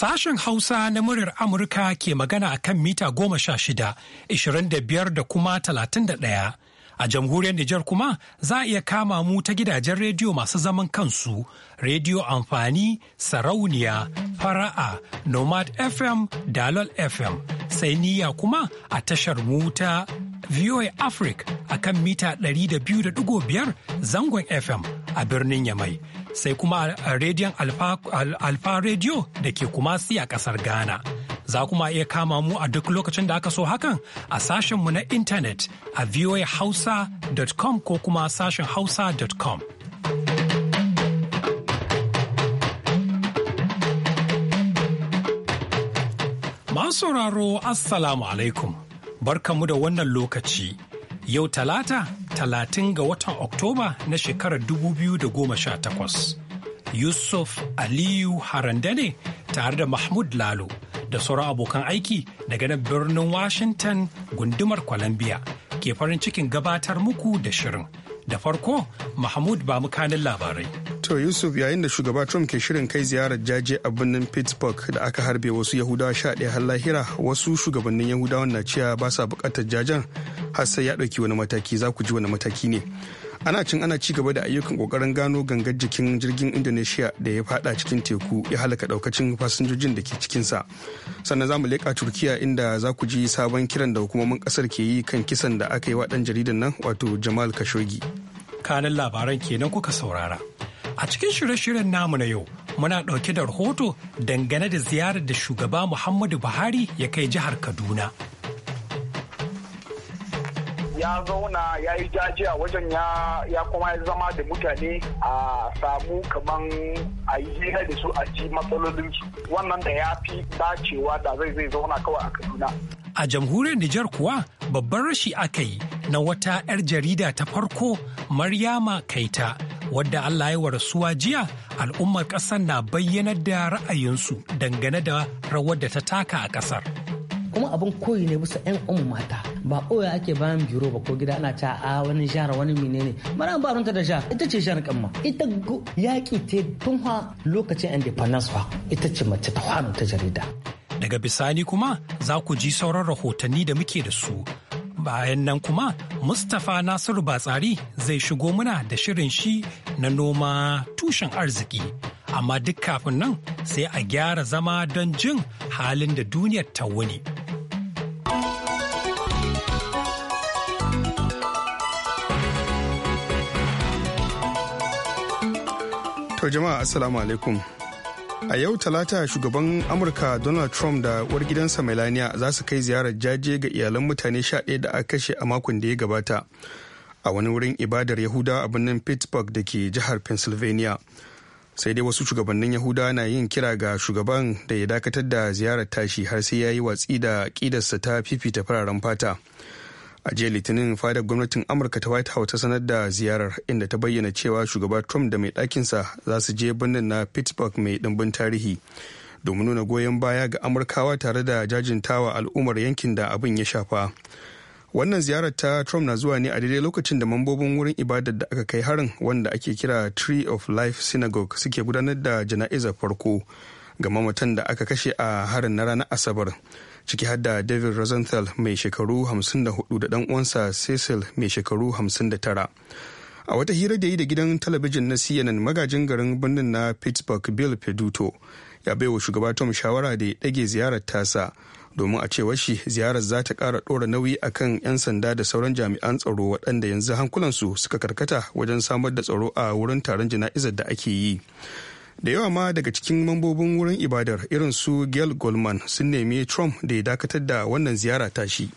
Sashen Hausa na muryar Amurka ke magana a kan mita goma sha shida, ishirin da biyar da kuma talatin da ɗaya. A jamhuriyar Nijar kuma za a iya kama mu ta gidajen rediyo masu zaman kansu, rediyo amfani, sarauniya, fara'a, nomad FM, dalol FM, sai niya kuma a tashar mu ta VOA Africa a kan mita 200.5 zangon FM a birnin Yamai. sai kuma a rediyon alfa rediyo da ke kumasi a kasar ghana za kuma iya kama mu a duk lokacin da aka so hakan a sashenmu na intanet a voahausa.com ko kuma sashen hausa.com Masu sauraro Assalamu alaikum, barkamu da wannan lokaci. Yau talata, talatin ga watan Oktoba na shekarar 2018. Yusuf Aliyu Harandane tare da Mahmud Lalo da sauran abokan aiki daga nan birnin Washington gundumar Columbia ke farin cikin gabatar muku da shirin. Da farko, Mahmud ba mu kanin labarai. to Yusuf yayin da shugaba Trump ke shirin kai ziyarar jaje a birnin Pittsburgh da aka harbe wasu Yahudawa sha ɗaya har lahira wasu shugabannin yahudawa na cewa ba sa buƙatar jajen har sai ya ɗauki wani mataki za ku ji wani mataki ne. Ana cin ana ci gaba da ayyukan ƙoƙarin gano gangar jikin jirgin Indonesia da ya fada cikin teku ya halaka ɗaukacin fasinjojin da ke cikinsa. Sannan za mu leƙa Turkiya inda za ku ji sabon kiran da hukumomin ƙasar ke yi kan kisan da aka yi wa ɗan jaridan nan wato Jamal kashogi. kanin labaran kenan kuka saurara. A cikin shirye-shiryen namu na yau, muna ɗauke da rahoto dangane da ziyarar da shugaba Muhammadu Buhari ya kai jihar Kaduna. ya zauna ya yi jaji a wajen ya kuma ya zama da mutane a samu kaman a yi hira da su a ji matsalolinsu wannan da ya fi dacewa da zai zai zauna kawai a kaduna a jamhuriyar nijar kuwa babban rashi aka yi na wata 'yar jarida ta farko maryama kaita wadda Allah ya warasuwa jiya al'ummar ƙasar na bayyanar da ra'ayinsu dangane da rawar da ta taka a ƙasar. kuma abin koyi ne bisa 'yan umu mata ba oya ake bayan biro ba ko gida ana ta a wani jara wani menene mara ba ta da jara ita ce jara kanma ita yaƙi ta tun ha lokacin independence ba ita ce mace ta ta jarida daga bisani kuma za ku ji sauran rahotanni da muke da su bayan nan kuma mustapha nasiru batsari zai shigo muna da shirin shi na noma tushen arziki amma duk kafin nan sai a gyara zama don jin halin da duniyar ta wuni. To jama'a assalamu alaikum A yau talata shugaban Amurka Donald Trump da uwar gidansa Melania za su kai ziyarar jaje ga iyalan mutane sha ɗaya da aka kashe a makon da ya gabata a wani wurin ibadar Yahuda a birnin Pittsburgh da ke jihar Pennsylvania. Sai dai wasu shugabannin Yahuda na yin kira ga shugaban da ya dakatar da ziyarar tashi har sai ya yi watsi da ƙidarsa ta fifita fararen fata. a jiya litinin fadar gwamnatin amurka ta white house ta sanar da ziyarar inda ta bayyana cewa shugaba trump da mai ɗakinsa za su je birnin na pittsburgh mai ɗimbin tarihi domin nuna goyon baya ga amurkawa tare da jajintawa al'ummar yankin da abin ya shafa wannan ziyarar ta trump na zuwa ne a daidai lokacin da mambobin wurin ibadar da aka kai harin wanda ake kira tree of life synagogue suke gudanar da jana'izar farko ga mamatan da aka kashe a harin na ranar asabar ciki har da david rosenthal mai shekaru 54 da dan uwansa cecil mai shekaru 59 a wata hira da yi da gidan talabijin na cnn magajin garin birnin na pittsburgh bill peduto ya baiwa shugaba tom shawara da ya ɗage ziyarar tasa domin a cewar shi ziyarar za ta ƙara ɗora nauyi a kan 'yan sanda da sauran jami'an tsaro waɗanda yanzu hankulansu suka karkata wajen samar da tsaro a wurin taron jana'izar da ake yi da yawa ma daga cikin mambobin wurin ibadar irin su gail goldman sun nemi trump da ya dakatar da wannan ziyara ta shi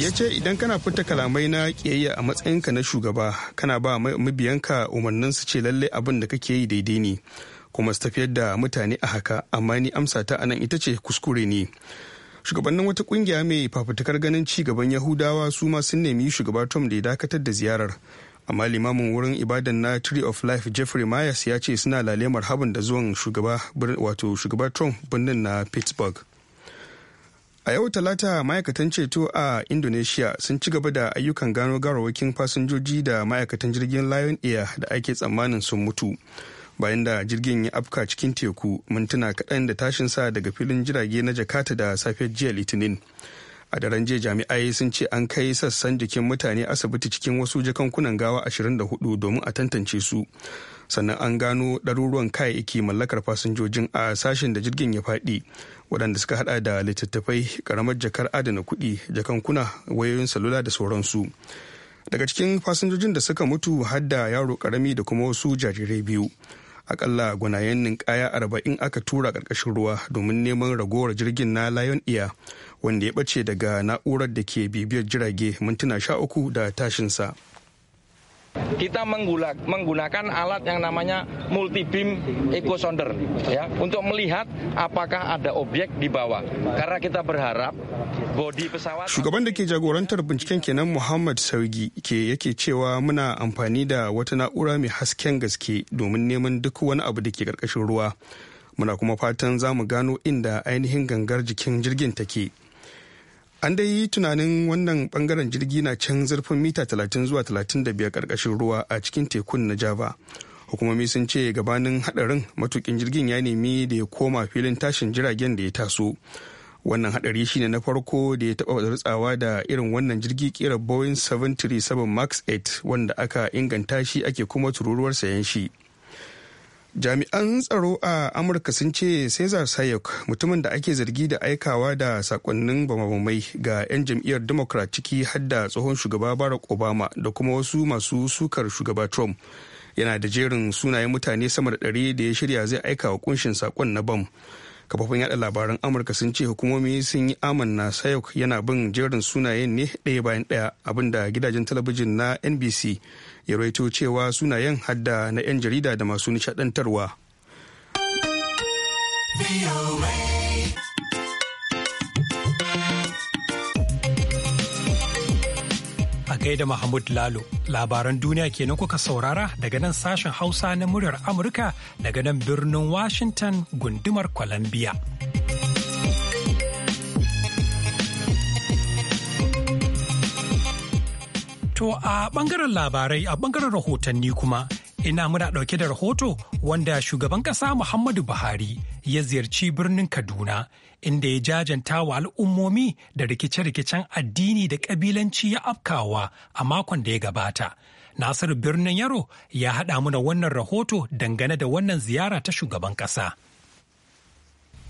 ya ce idan kana fita kalamai na kiyayya a matsayinka na shugaba kana ba mabiyanka umarnin su ce lallai abin da kake yi daidai ne kuma su tafiyar da mutane a haka amma ni amsa ta anan ita ce kuskure ne shugabannin wata kungiya mai fafutukar ganin ci gaban yahudawa su ma sun nemi shugaba tom da ya dakatar da ziyarar amma limamin wurin ibadan na tree of life jeffrey myers ya ce suna lalemar habin da zuwan shugaba wato shugaba trump birnin na pittsburgh a yau talata ma'aikatan ceto a indonesia sun ci gaba da ayyukan gano garawakin fasinjoji da ma'aikatan jirgin lion air da ake tsammanin sun mutu bayan da jirgin ya afka cikin teku mintuna kaɗan da tashin sa daga filin jirage na jakarta da safiyar jiya litinin a daren jiya jami'ai sun ce an kai sassan jikin mutane asibiti cikin wasu jakankunan gawa 24 domin a tantance su sannan an gano ɗaruruwan kayayyaki mallakar fasinjojin a sashen da jirgin ya faɗi waɗanda suka hada da littattafai karamar jakar adana kuɗi jakankuna wayoyin salula da sauransu daga cikin fasinjojin da suka mutu hadda yaro karami da kuma wasu jarirai biyu akalla gwanayen ninkaya arba'in aka tura ƙarƙashin ruwa domin neman ragowar jirgin na lion air wanda ya ɓace daga na'urar da ke bibiyar jirage mintuna sha uku da tashinsa. kita menggunakan alat yang namanya multi beam echo sounder ya untuk melihat apakah ada objek di bawah. Karena kita berharap body pesawat Shugaban da ke jagorantar binciken kenan Muhammad Saugi ke yake cewa muna amfani da wata na'ura mai hasken gaske domin neman duk wani abu da ke karkashin ruwa. Muna kuma fatan za mu gano inda ainihin gangar jikin jirgin take. an dai yi tunanin wannan bangaren jirgi na can zurfin mita 30 zuwa 35 karkashin ruwa a cikin tekun na java hukumomi sun ce gabanin hadarin matukin jirgin ya nemi da ya koma filin tashin jiragen da ya taso wannan hadari shine na farko da ya taba rutsawa da irin wannan jirgi kira boeing 737 max 8 wanda aka inganta shi ake kuma tururuwar sayan shi jami'an tsaro a amurka sun ce cesar sayok mutumin da ake zargi da aikawa da sakonnin bamabamai ga 'yan jam'iyyar democrat ciki hadda tsohon shugaba barack obama da kuma wasu masu sukar shugaba trump yana da jerin sunayen mutane sama da ɗari da ya shirya zai aika wa kunshin sakon na bam kafafin yada labaran amurka sun ce hukumomi sun yi amanna sayok yana bin jerin sunayen ne ɗaya bayan ɗaya abinda gidajen talabijin na nbc ya raito cewa sunayen hadda na 'yan jarida da masu nishadantarwa. A da Mahmud Lalo, labaran duniya kenan kuka saurara daga nan sashen Hausa na muryar Amurka daga nan birnin Washington gundumar Columbia. To a ɓangaren labarai a ɓangaren rahotanni kuma ina muna ɗauke da rahoto wanda shugaban ƙasa Muhammadu Buhari ya ziyarci birnin Kaduna inda ya jajanta wa al'ummomi da rikice-rikicen addini da ƙabilanci ya afkawa a makon da ya gabata. Nasiru birnin Yaro ya haɗa muna wannan rahoto dangane da wannan ziyara ta shugaban ƙasa.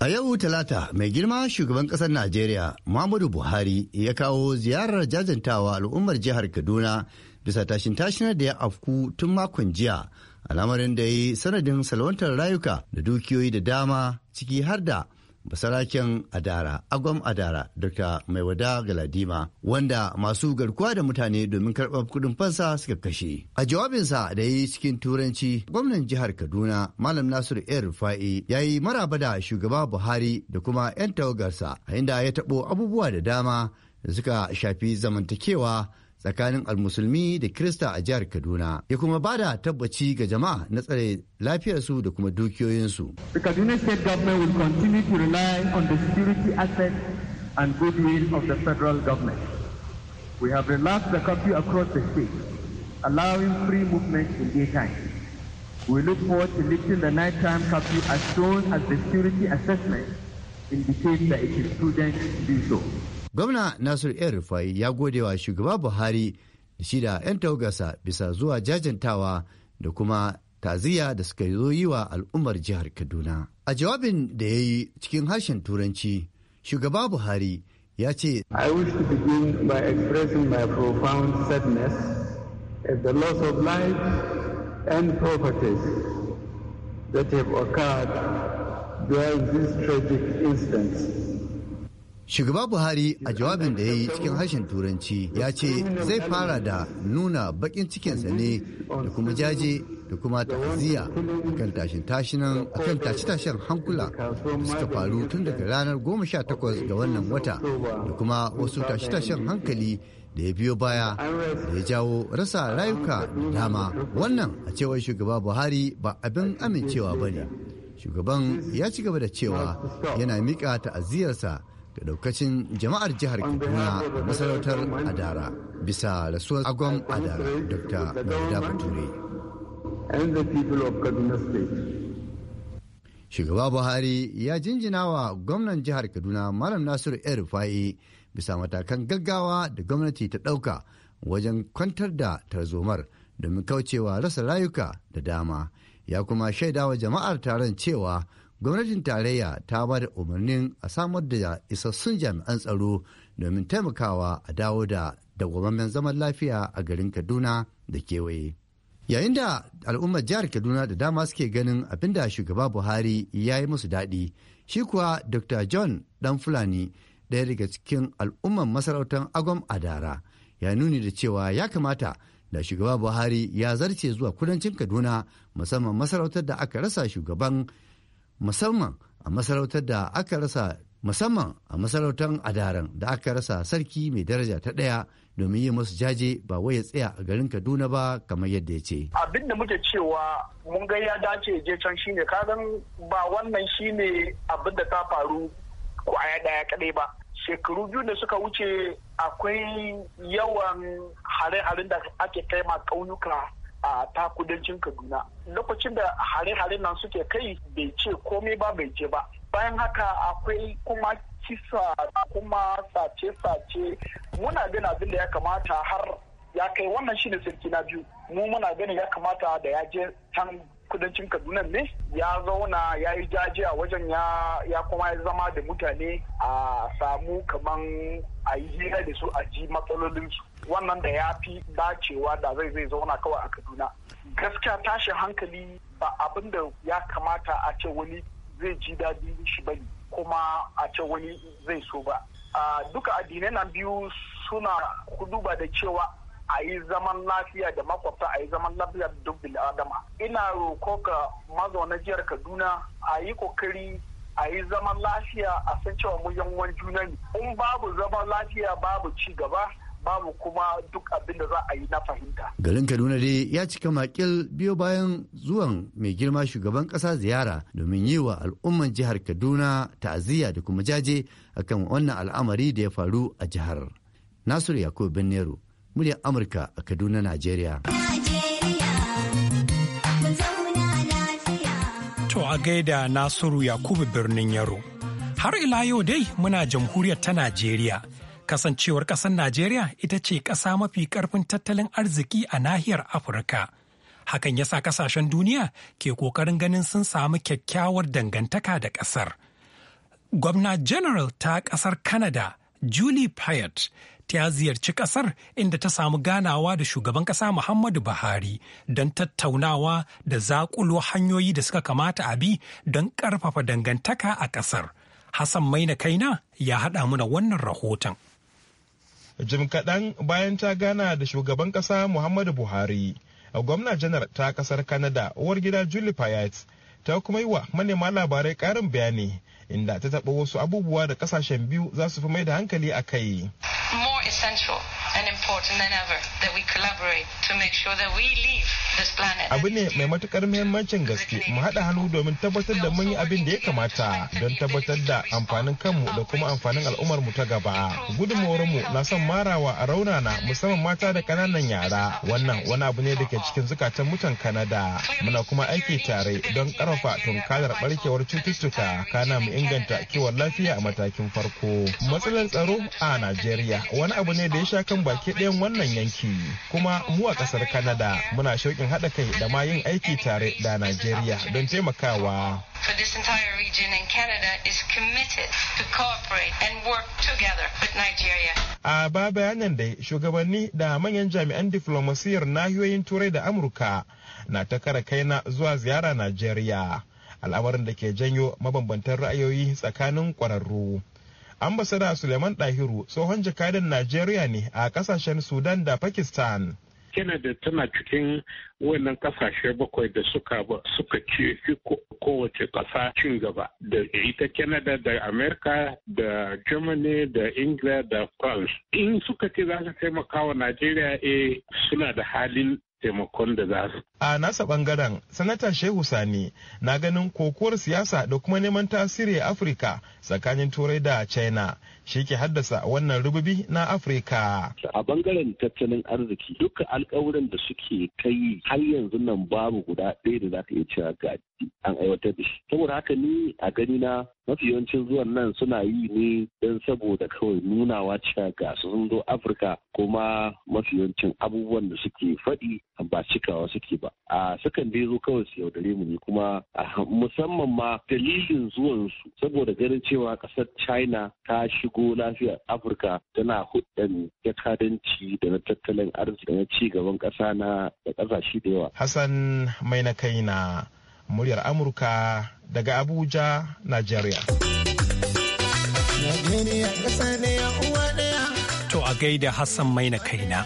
A yau Talata mai girma shugaban ƙasar Najeriya Muhammadu Buhari ya kawo ziyarar jajantawa al'ummar jihar Kaduna bisa tashin tashinar da ya afku tun makon jiya lamarin da ya yi sanadin salwantar rayuka da dukiyoyi da dama ciki har da basaraken adara agwam adara dr maiwada galadima wanda masu garkuwa da mutane domin karɓar kuɗin fansa suka kashe a jawabinsa da ya yi cikin turanci gwamnan jihar kaduna malam nasiru el rufa'i ya yi maraba da shugaba buhari da kuma 'yan tawagarsa a inda ya taɓo abubuwa da dama da suka shafi zamantakewa tsakanin almusulmi da Kirista a jihar Kaduna ya kuma ba da tabbaci ga jama'a na tsare lafiyarsu da kuma dukiyoyinsu. The Kaduna State Government will continue to rely on the security assets and goodwill of the federal government. We have relaxed the curfew across the state, allowing free movement in daytime. We look forward to lifting the nighttime curfew as soon as the security assessment indicates that it is prudent to do so. Gwamna Nasiru El Rufai ya gode wa shugaba Buhari da shi da 'yan tawagarsa bisa zuwa jajantawa da kuma taziya da suka zo yi wa al'ummar jihar Kaduna. A jawabin da ya yi cikin harshen Turanci, shugaba Buhari ya ce, I wish to begin by expressing my profound sadness at the loss of life and properties that have occurred during this tragic instance. Shugaba Buhari a jawabin da ya yi cikin harshen Turanci ya ce zai fara da nuna bakin cikinsa ne da kuma jaje da kuma ta'aziyya akan tashin tashinan akan tashi tashin hankula da suka faru tun daga ranar goma sha takwas ga wannan wata da kuma wasu tashi tashin hankali da ya biyo baya da ya jawo rasa rayuka da dama wannan a cewar shugaba Buhari ba abin amincewa ba ne. Shugaban ya ci gaba da cewa yana miƙa ta'aziyyarsa da daukacin jama'ar jihar kaduna a masarautar adara bisa rasuwar agon adara dr maida bature shugaba buhari ya jinjina wa gwamnan jihar kaduna malam nasiru el fa'i bisa matakan gaggawa da gwamnati ta ɗauka wajen kwantar da tarzomar domin kaucewa rasa rayuka da dama ya kuma shaidawa jama'ar taron cewa gwamnatin tarayya ta ba da umarnin a samar da isassun jami'an tsaro domin taimakawa a dawo da dawwammamen zaman lafiya a garin kaduna da kewaye yayin da al'ummar jihar kaduna da dama suke ganin abinda shugaba buhari ya yi musu daɗi shi kuwa dr john dan fulani ɗaya daga cikin al'ummar masarautar agwam adara ya nuni da cewa ya kamata da shugaba buhari ya zarce zuwa kudancin kaduna musamman masarautar da aka rasa shugaban musamman a masarautar da aka rasa musamman a masarautar adaran da aka rasa sarki mai daraja ta ɗaya domin yi musu jaje ba wai ya tsaya a garin kaduna ba kamar yadda ya ce. abin da muke cewa mun ga ya dace je can shine kagan ba wannan shine abin da ta faru kwaya ɗaya kaɗai ba shekaru biyu da suka wuce akwai yawan hare-haren da ake kai ma ƙauyuka a ta kudancin kaduna lokacin da hare-hare nan suke kai bai ce komai ba bai ce ba bayan haka akwai kuma kisa kuma sace-sace muna bin abin da ya kamata har ya kai wannan shine sarki na biyu mu muna ganin ya kamata da ya je can kudancin kaduna ne ya zauna ya yi jaje a wajen ya kuma ya zama da mutane a samu kaman a yi hira da su a ji matsalolinsu wannan da ya fi dacewa da zai zai zauna kawai a kaduna gaskiya tashin hankali ba abin da ya kamata a ce wani zai ji daɗi shi bane kuma a ce wani zai so ba duka addinai nan biyu suna kuduba da cewa a yi zaman lafiya da makwabta a yi zaman lafiya da dubbin Adama. ina roko ga mazauna jihar kaduna a yi kokari a yi zaman lafiya a san cewa mu wani juna ne in babu zaman lafiya babu ci gaba babu kuma duk abin da za a yi na fahimta. Garin Kaduna dai ya cika makil biyo bayan zuwan mai girma shugaban kasa ziyara domin yi wa al'umman jihar Kaduna ta'aziyya da kuma jaje akan wannan al'amari da ya faru a jihar. Nasiru Yakubu Binnero, muryar Amurka a Kaduna, Najeriya. To a gaida Nasiru Yakubu birnin Yaro. Har ila yau dai muna jamhuriyar ta Najeriya. Kasancewar ƙasar Najeriya ita ce ƙasa mafi ƙarfin tattalin arziki a nahiyar Afirka. Hakan ya sa ƙasashen duniya ke ƙoƙarin ganin sun samu kyakkyawar dangantaka da ƙasar. Gwamna General ta ƙasar Canada, Julie Pyatt, ta ziyarci ƙasar, inda ta samu ganawa da shugaban ƙasa Muhammadu Buhari don tattaunawa da zakulo hanyoyi da suka kamata a bi don ƙarfafa dangantaka a ƙasar. Hassan Maina Kaina ya haɗa mana wannan rahoton. jim kaɗan bayan ta gana da shugaban ƙasa muhammadu buhari gwamna janar ta ƙasar canada uwar gida julie payet ta kuma yi wa manema labarai ƙarin bayani inda ta taɓa wasu abubuwa da ƙasashen biyu za su fi mai da hankali a kai. More essential Abu ne mai matukar muhimmancin gaske mu haɗa hannu domin tabbatar da mun yi abin da ya kamata don tabbatar da amfanin kanmu da kuma amfanin al'ummar mu ta gaba. mu na son marawa a raunana musamman mata da ƙananan yara. Wannan wani abu ne da ke cikin zukatan mutan Kanada. Muna kuma aiki tare don ƙarfafa tunkarar ɓarkewar cututtuka kana mu inganta kiwon lafiya a matakin farko matsalar tsaro a najeriya wani abu ne da ya sha kan baki ɗayan wannan yanki kuma mu a ƙasar Kanada muna shauƙin haɗa kai da ma yin aiki tare da najeriya don taimakawa for this entire region and Canada is committed to cooperate and work together with Nigeria. A ba bayanan dai shugabanni da manyan jami'an diflomasiyar nahiyoyin Turai da Amurka na ta kara kaina zuwa ziyara Najeriya. al'amarin da ke janyo mabambantan ra'ayoyi tsakanin ƙwararru. ambasada suleiman dahiru tsohon jakadan najeriya ne a kasashen sudan da pakistan canada tana cikin wannan kasashe bakwai da suka suka fi kowace kasa cin gaba da ita canada da america da germany da ingila da france in suka ce za su taimaka wa najeriya e suna da halin taimakon da za su. A nasa bangaren, Sanata Shehu Sani na ganin kokuwar siyasa da kuma neman tasiri a Afirka tsakanin Turai da China shi ke haddasa wannan rububi na Afirka. A bangaren tattalin arziki duka alkawuran da suke kai har yanzu nan babu guda ɗaya da za ka iya cewa ga an aiwatar da shi. Saboda haka ni a gani na mafi yawancin zuwan nan suna yi ne don saboda kawai nunawa cewa ga sun zo afirka kuma mafi yawancin abubuwan da suke faɗi ba cikawa suke ba a sukan dai zo kawai su yaudare mu ne kuma musamman ma dalilin zuwan su saboda ganin cewa ƙasar china ta shigo lafiyar afirka tana hudan jakadanci da na tattalin arziki da na ci gaban ƙasa na da ƙasashe da yawa hassan mai na kai na muryar amurka daga abuja nigeria to a gaida hassan mai na kaina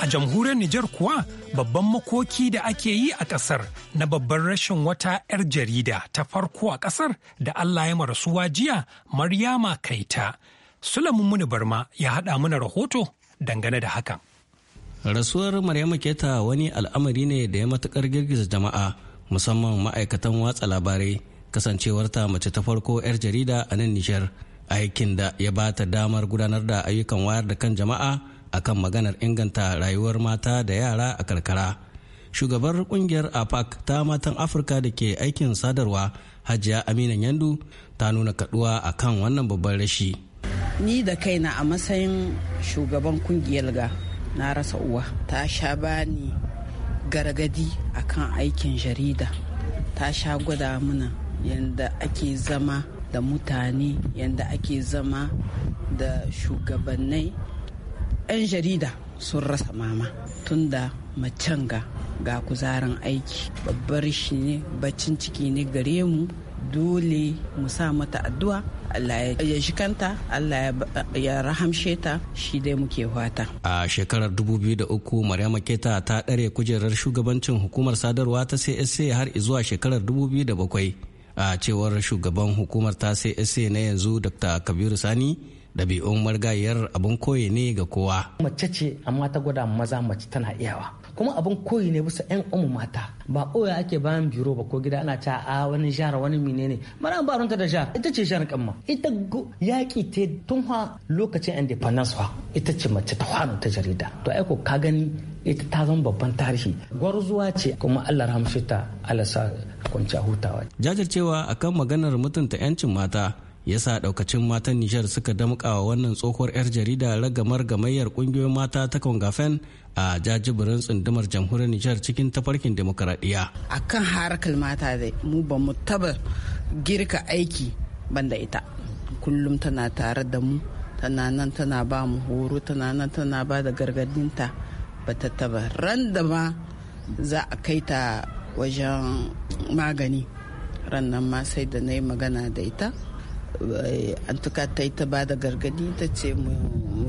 a jamhuriyar nijar kuwa babban makoki da ake yi a ƙasar na babban rashin wata 'yar jarida ta farko a ƙasar, da allah ya marasuwa jiya maryama kaita sulamun muni barma ya haɗa mana rahoto dangane da hakan rasuwar maryama keta wani al'amari ne da ya matukar girgiza jama'a musamman ma'aikatan watsa labarai kasancewarta mace ta farko 'yar jarida a nan Nijar aikin da ya ba ta damar gudanar da ayyukan wayar da kan jama'a akan maganar inganta rayuwar mata da yara a karkara. Shugabar kungiyar APAC ta matan Afirka da ke aikin sadarwa Hajiya Amina Yandu ta nuna kaduwa akan wannan babban rashi. Ni da kaina a matsayin shugaban kungiyar ga na rasa uwa ta sha bani gargadi kan aikin jarida ta sha gwada mana yadda ake zama da mutane yadda ake zama da shugabannai 'yan jarida sun rasa mama tun da macen ga ga kuzarin aiki babbar shi ne baccin ciki ne gare mu dole mu sa mata addu'a Allah ya shikanta Allah ya rahamshe ta shi dai muke fata. A shekarar 2003 Maryama Keta ta ɗare kujerar shugabancin hukumar sadarwa ta CSA har zuwa shekarar 2007 a cewar shugaban hukumar ta CSA na yanzu Dr. Kabiru Sani ɗabi'un margayar abin koyi ne ga kowa. Mace ce amma ta gwada maza mace tana iyawa. kuma abin koyi ne bisa yan umu mata ba oya ake bayan biro ba ko gida ana ta a wani jara wani mine ne mara ba da jar ita ce jar kamma ita yaki te tun ha lokacin independence ha ita ce mace ta fara ta jarida to aiko ka gani ita ta zama babban tarihi gwarzuwa ce kuma Allah rahamshi ta alasa kwanciya hutawa jajircewa akan maganar mutunta yancin mata yasa daukacin matan Nijar suka damƙa wannan tsohuwar 'yar jarida ragamar gamayyar ƙungiyoyin mata ta Kongafen a jajibirin tsundumar jamhuriyar Nijar cikin tafarkin demokaradiyya. A kan harakar mata dai mu ba mu taba girka aiki banda ita. Kullum tana tare da mu, tana nan tana ba mu horo, tana nan tana ba da gargadinta ba ta taba. Ran da ma za a kai ta wajen magani. Ran nan ma sai da na yi magana da ita. Eh, antuka ta yi ta ba da gargadi ta ce mu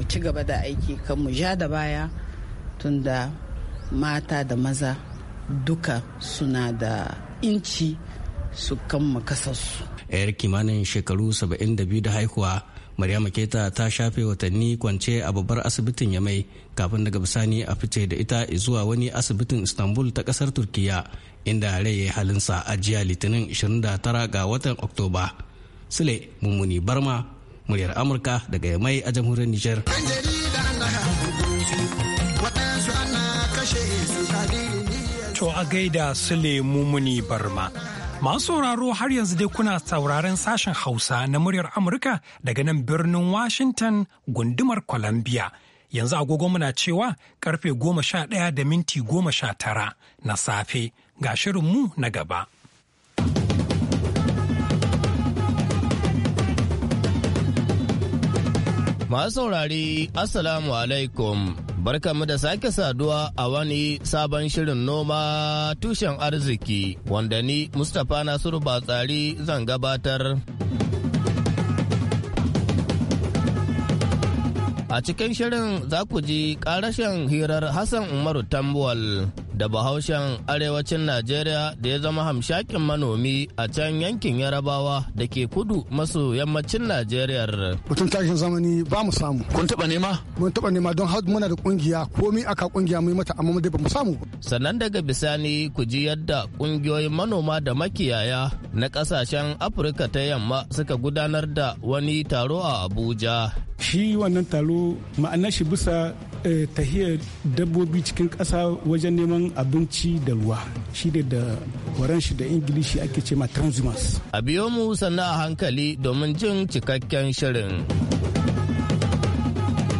ci gaba da aiki kan mu ja da baya tunda mata da maza duka suna da inci su kan kasarsu. yar kimanin shekaru 72 da haihuwa maryam keta ta shafe watanni kwance a babbar asibitin yamai kafin daga bisani a fice da ita zuwa wani asibitin istanbul ta kasar turkiya inda rai halinsa a jiya litinin 29 ga watan oktoba Sule Mummuni Barma, muryar Amurka daga Yamai a jamhuriyar Nijar. To a gaida Sule Mummuni Barma. Masu sauraro har yanzu dai kuna sauraren sashen Hausa na muryar Amurka daga nan birnin Washington gundumar Columbia. Yanzu agogo muna cewa karfe goma sha ɗaya da minti goma sha tara na safe ga shirinmu na gaba. Masu saurari Assalamu alaikum barkamu da sake saduwa a wani sabon shirin noma tushen arziki wanda ni Mustapha Nasiru Batsari zan gabatar. A cikin shirin za ku ji ƙarashen hirar Hassan Umaru Tambuwal da bahaushen arewacin Najeriya da ya zama hamshakin manomi a can yankin Yarabawa da ke kudu maso yammacin Najeriya. Mutum takin zamani ba mu samu. Kun taɓa nema? Mun taɓa nema don har muna da kungiya komi aka kungiya mai mata amma dai ba mu samu. Sannan daga bisani ku ji yadda kungiyoyin manoma da makiyaya na kasashen Afirka ta yamma suka gudanar da wani taro a Abuja. Shi wannan taro ma'anar shi bisa Eh, tahiyar dabbobi cikin ƙasa wajen neman abinci da ruwa shi da waran shi da ingilishi ake ce ma transhumans. a biyo mu sannan a hankali domin jin cikakken shirin.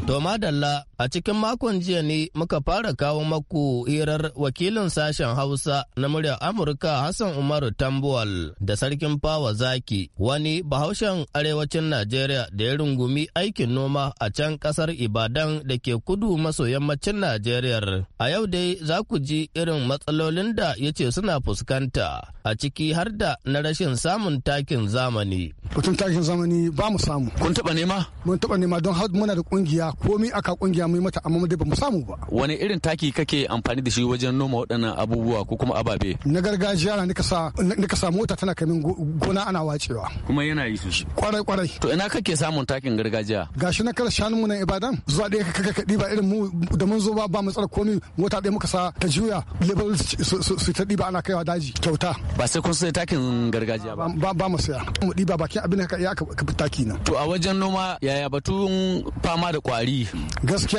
To madalla A cikin makon jiya ne muka fara kawo maku hirar wakilin sashen Hausa na muryar Amurka Hassan Umaru Tambuwal da Sarkin Fawa Zaki wani bahaushen arewacin Najeriya da ya rungumi aikin noma a can kasar Ibadan da ke kudu maso yammacin Najeriya. A yau dai za ku ji irin matsalolin da ya ce suna fuskanta a ciki har da na rashin samun takin zamani. Batun takin zamani ba mu samu. Kun taɓa nema? Mun taɓa nema don har muna da ƙungiya komi aka ƙungiya mu yi mata amma dai ba mu samu ba wani irin taki kake amfani da shi wajen noma waɗannan abubuwa ko kuma ababe na gargajiya na nika sa nika sa mota tana kamin gona ana wacewa kuma yana yi sosai kwarai kwarai to ina kake samun takin gargajiya gashi na kar shanun mu na ibadan zuwa ɗaya ka kaka ba irin mu da mun zo ba ba tsara komi mota ɗaya muka sa ta juya lebar su ta ɗiba ana kaiwa daji kyauta ba sai kun sai takin gargajiya ba ba mu saya mu ɗiba bakin abin da ka iya ka taki na to a wajen noma yaya batun fama da kwari gaskiya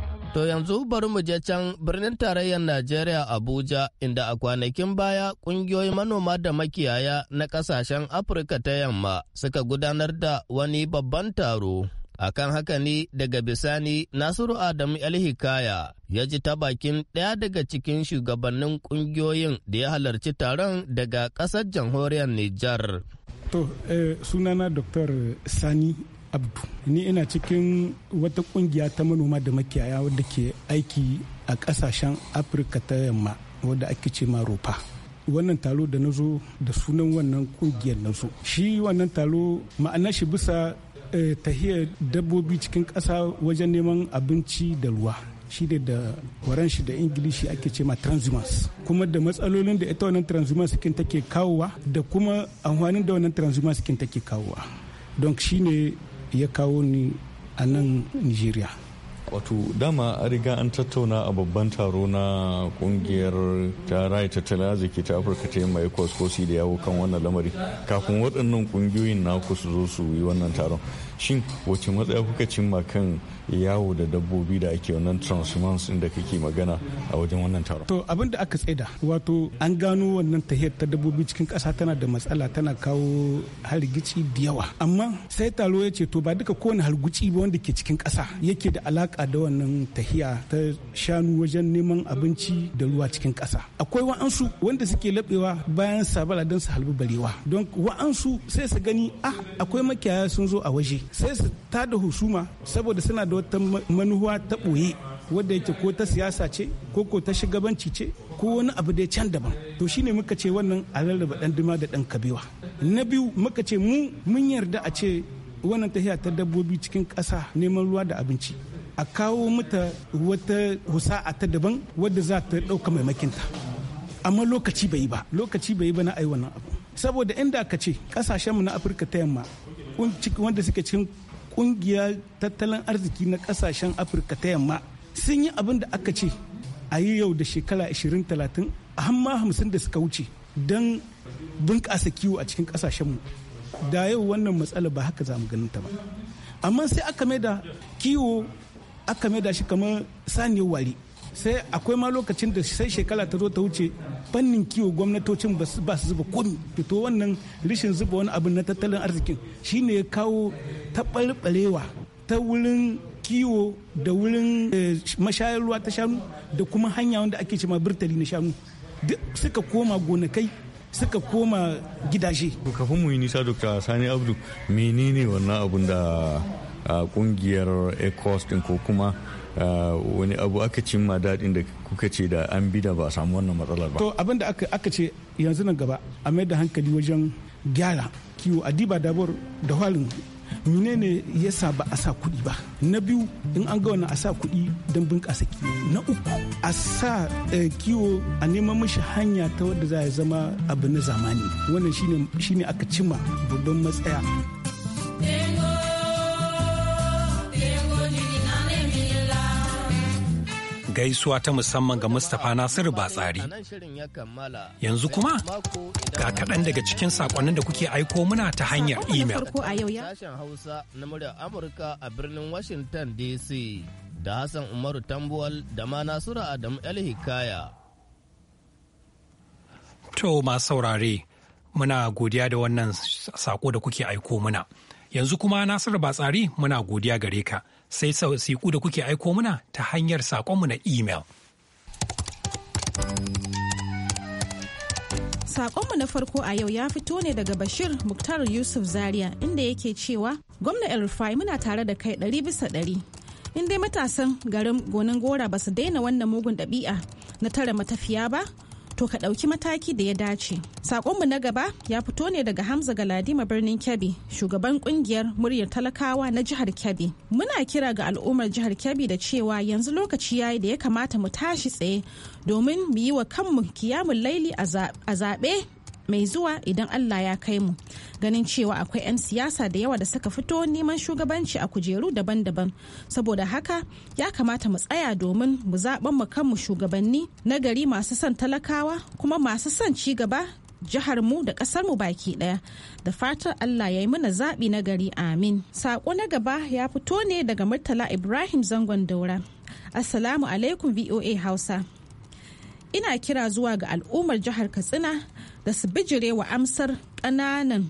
To yanzu bari mu je can birnin tarayyar Najeriya Abuja inda a kwanakin baya kungiyoyin manoma da makiyaya na kasashen Afirka ta yamma suka gudanar da wani babban taro. Akan haka ne daga bisani Nasiru Adamu Hikaya ya ji ta bakin ɗaya daga cikin shugabannin kungiyoyin da ya halarci taron daga ƙasar jamhuriyar Nijar. To, eh, sunana Dr. Sani abdu ni ina cikin wata kungiya ta manoma da makiyaya wadda ke aiki a kasashen afirka ta yamma wadda ake ce ma rufa wannan talo da na zo da sunan wannan kungiyar na shi wannan talo. ma'anar shi bisa eh, tahiyar dabbobi cikin kasa wajen neman abinci da ruwa shi ne da waran shi da ingilishi ake ce ma transhumance kuma da matsalolin da ita wannan transhumance kin take kawowa da kuma amfanin da wannan transhumance kin take kawowa don shi ne ya kawo ni a nan nigeria wato dama a riga an tattauna a babban taro na kungiyar ta rai tattalin arziki ta afirka ta yamma ecos ko da yawo kan wannan lamari kafin waɗannan kungiyoyin naku su zo su yi wannan taron shin wace matsaya kuka cimma kan yawo da dabbobi da ake wannan transhumance inda kake magana a wajen wannan taron to abin da aka tsaida wato an gano wannan tahiyar ta dabbobi cikin kasa tana da matsala tana kawo hargici da yawa amma sai taro ya ce to ba duka kowane hargici ba wanda ke cikin kasa yake da alaka da wannan tahiya ta shanu wajen neman abinci da ruwa cikin kasa akwai wa'ansu wanda suke laɓewa bayan sabala don su halbu barewa don wa'ansu sai su gani ah akwai makiyaya sun zo a waje sai su da husuma saboda suna da wata manuwa ta ɓoye wadda yake ko ta siyasa ce ko ko ta shugabanci ce ko wani abu dai can daban to shine muka ce wannan a rarraba dan dima da dan kabewa na biyu muka ce mu mun yarda a ce wannan tahiya ta dabbobi cikin ƙasa neman ruwa da abinci a kawo mata wata husa'a ta daban wadda za ta ɗauka maimakinta amma lokaci bai yi ba lokaci bai yi ba na ai wannan abu saboda inda ka ce mu na afirka ta yamma wanda suke cikin kungiyar tattalin arziki na kasashen afirka ta yamma sun yi abin da aka ce a yi yau da shekara 20-30 a hamma hamsin da suka wuce don bunƙasa kiwo a cikin kasashenmu da yau wannan matsala ba haka za mu ganin ta ba amma sai aka da kiwo aka da shi kamar saniyar wari sai akwai ma lokacin da sai shekara ta zo ta wuce fannin kiwo gwamnatocin ba su zuba komi fito wannan rishin zuba wani abin na tattalin arzikin shine ya kawo taɓarɓarewa ta wurin kiwo da wurin eh, mashayar ruwa ta shanu da kuma hanya wanda ake cema birtali na shanu duk suka koma gonakai suka koma gidaje kafin mu yi nisa dokta sani abdu menene wannan abun da kungiyar ecos din ko kuma wani abu aka cimma daɗin da kuka ce da an bi da ba a samu wannan matsalar ba to abin da aka ce yanzu nan gaba a mai da hankali wajen gyara kiwo a diba dabor da halin menene ya sa ba a sa kuɗi ba na biyu in an ga wannan a sa kuɗi don bunƙasa kiwo na uku a sa e, kiwo a neman mashi hanya ta wadda za ya zama abu na zamani wannan shine aka cimma babban matsaya gaisuwa ta musamman ga Mustapha Nasiru Batsari. Yanzu kuma ga kaɗan daga cikin saƙonnin da kuke aiko muna ta hanyar imel. Sashen Hausa na muryar Amurka a birnin Washington DC da Hassan Umaru Tambuwal da ma Nasura Adamu El Hikaya. To ma saurare, muna godiya da wannan saƙo da kuke aiko muna. Yanzu kuma Nasiru Batsari muna godiya gare ka. sai siku da kuke aiko muna ta hanyar saƙonmu na email. saƙonmu na farko a yau ya fito ne daga Bashir Muktar Yusuf Zaria inda yake cewa gwamna El Rufai muna tare da kai ɗari bisa ɗari. In dai matasan garin gonin gora ba su daina wannan mugun ɗabi'a na tara matafiya ba, to ka ɗauki mataki da ya dace. Sakonmu na gaba ya fito ne daga Hamza Galadima birnin Kebbi, shugaban ƙungiyar muryar talakawa na jihar Kebbi. Muna kira ga al'ummar jihar Kebbi da cewa yanzu lokaci yayi da ya kamata mu tashi tsaye domin mu yi wa kanmu kiyamun laili a zaɓe mai zuwa idan Allah ya kai mu ganin cewa akwai 'yan siyasa da yawa da suka fito neman shugabanci a kujeru daban-daban saboda haka ya kamata mu tsaya domin mu zaben mu kanmu shugabanni nagari masu son talakawa kuma masu son ci gaba jihar mu da kasar mu baki ɗaya da fatan Allah ya yi mana zaɓi na gari amin sako na gaba ya fito ne daga murtala ibrahim zangon daura assalamu alaikum voa hausa ina kira zuwa ga al'ummar jihar katsina da su bijire wa amsar ƙananan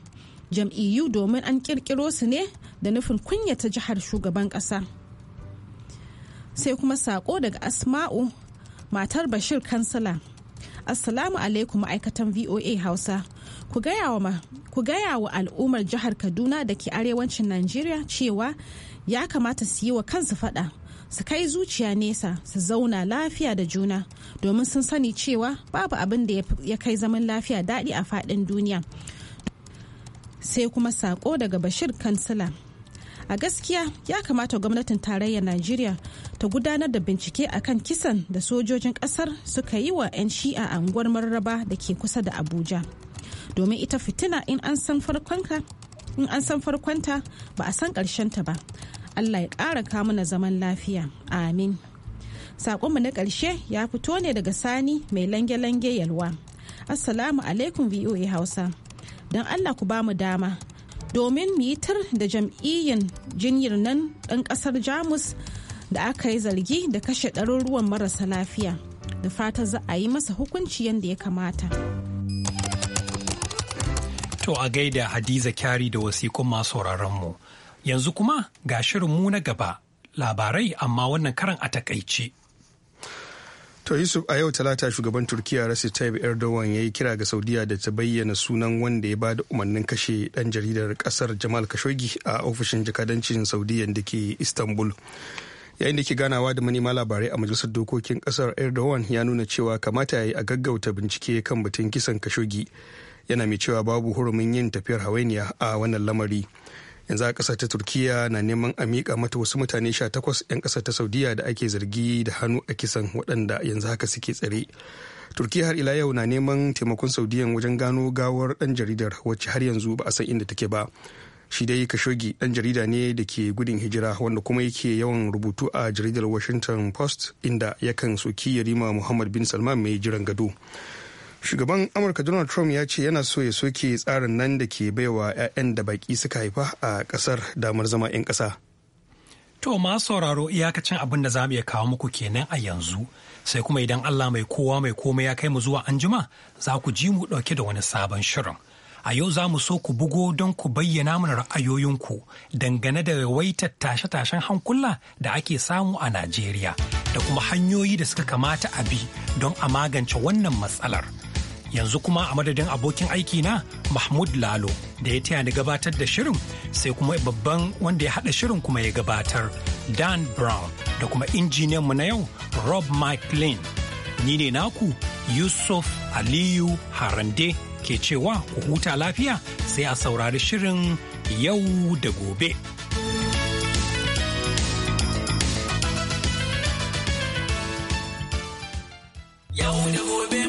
jam'iyyu domin an kirkiro su ne da nufin kunyata jihar shugaban ƙasa sai kuma saƙo daga asma'u matar bashir kansala assalamu alaikum ma'aikatan voa hausa ku gaya wa al'ummar jihar kaduna da ke arewacin najeriya cewa ya kamata su yi wa kansu fada su kai zuciya nesa su zauna lafiya da juna domin sun sani cewa babu abin da ya kai zaman lafiya daɗi a faɗin duniya sai kuma sako daga bashir kansila a gaskiya ya kamata gwamnatin tarayyar najeriya ta gudanar da bincike akan kisan da sojojin kasar suka yi wa 'yan shi'a a unguwar marraba da ke kusa da abuja domin ita fitina in an san farkonta ba a san ta ba Allah ya ƙara kamuna zaman lafiya amin saƙonmu na ƙarshe ya fito ne daga sani mai lange-lange yalwa assalamu alaikum voa hausa don allah ku ba mu dama domin mitar da jam'iyyar jinyar nan ɗan ƙasar jamus da aka yi zargi da kashe ɗaruruwan marasa lafiya da fata za a yi masa hukunci yadda ya kamata to a gaida hadiza kyari da wasiƙun masu mu Yanzu kuma ga shirinmu na gaba labarai amma wannan karan a takaice. To Yusuf a yau talata shugaban Turkiya Recep Tayyip Erdogan ya yi kira ga Saudiya da ta bayyana sunan wanda ya bada umarnin kashe ɗan jaridar kasar Jamal Khashoggi a ofishin jakadancin Saudiya da ke Istanbul. Yayin da ke ganawa da manema labarai a majalisar dokokin ƙasar Erdogan ya nuna cewa kamata ya yi a gaggauta bincike kan batun kisan Khashoggi. Yana mai cewa babu hurumin yin tafiyar hawainiya a wannan lamari. yanzu a ta turkiya na neman a miƙa mata wasu mutane 18 'yan ƙasa ta saudiya da ake zargi da hannu a kisan waɗanda yanzu haka suke tsare turkiya har ila yau na neman taimakon saudiyan wajen gano gawar ɗan jaridar wacce har yanzu ba a san inda take ba shi dai kashogi ɗan jarida ne da ke gudun hijira wanda kuma yake yawan rubutu a jaridar washington post inda yakan soki yarima muhammad bin salman mai jiran gado shugaban amurka donald trump ya ce yana so ya soke tsarin nan da ke baiwa 'ya'yan da baki suka haifa a kasar damar zama 'yan kasa to ma sauraro iyakacin abin da za mu iya kawo muku kenan a yanzu sai kuma idan allah mai kowa mai komai ya kai mu zuwa anjima za ku ji mu dauke da wani sabon shirin a yau za mu so ku bugo don ku bayyana mana ra'ayoyinku dangane da yawaitar tashe-tashen hankula da ake samu a najeriya da kuma hanyoyi da suka kamata a bi don a magance wannan matsalar. Yanzu kuma a madadin abokin aiki na Mahmud Lalo da ya taya ni gabatar da shirin sai kuma babban wanda ya haɗa shirin kuma ya gabatar Dan Brown da kuma injiniyan mu na yau Rob McLean. Ni ne naku Yusuf Aliyu Harande ke cewa ku huta lafiya sai a saurari shirin yau da gobe. Yo, the boy,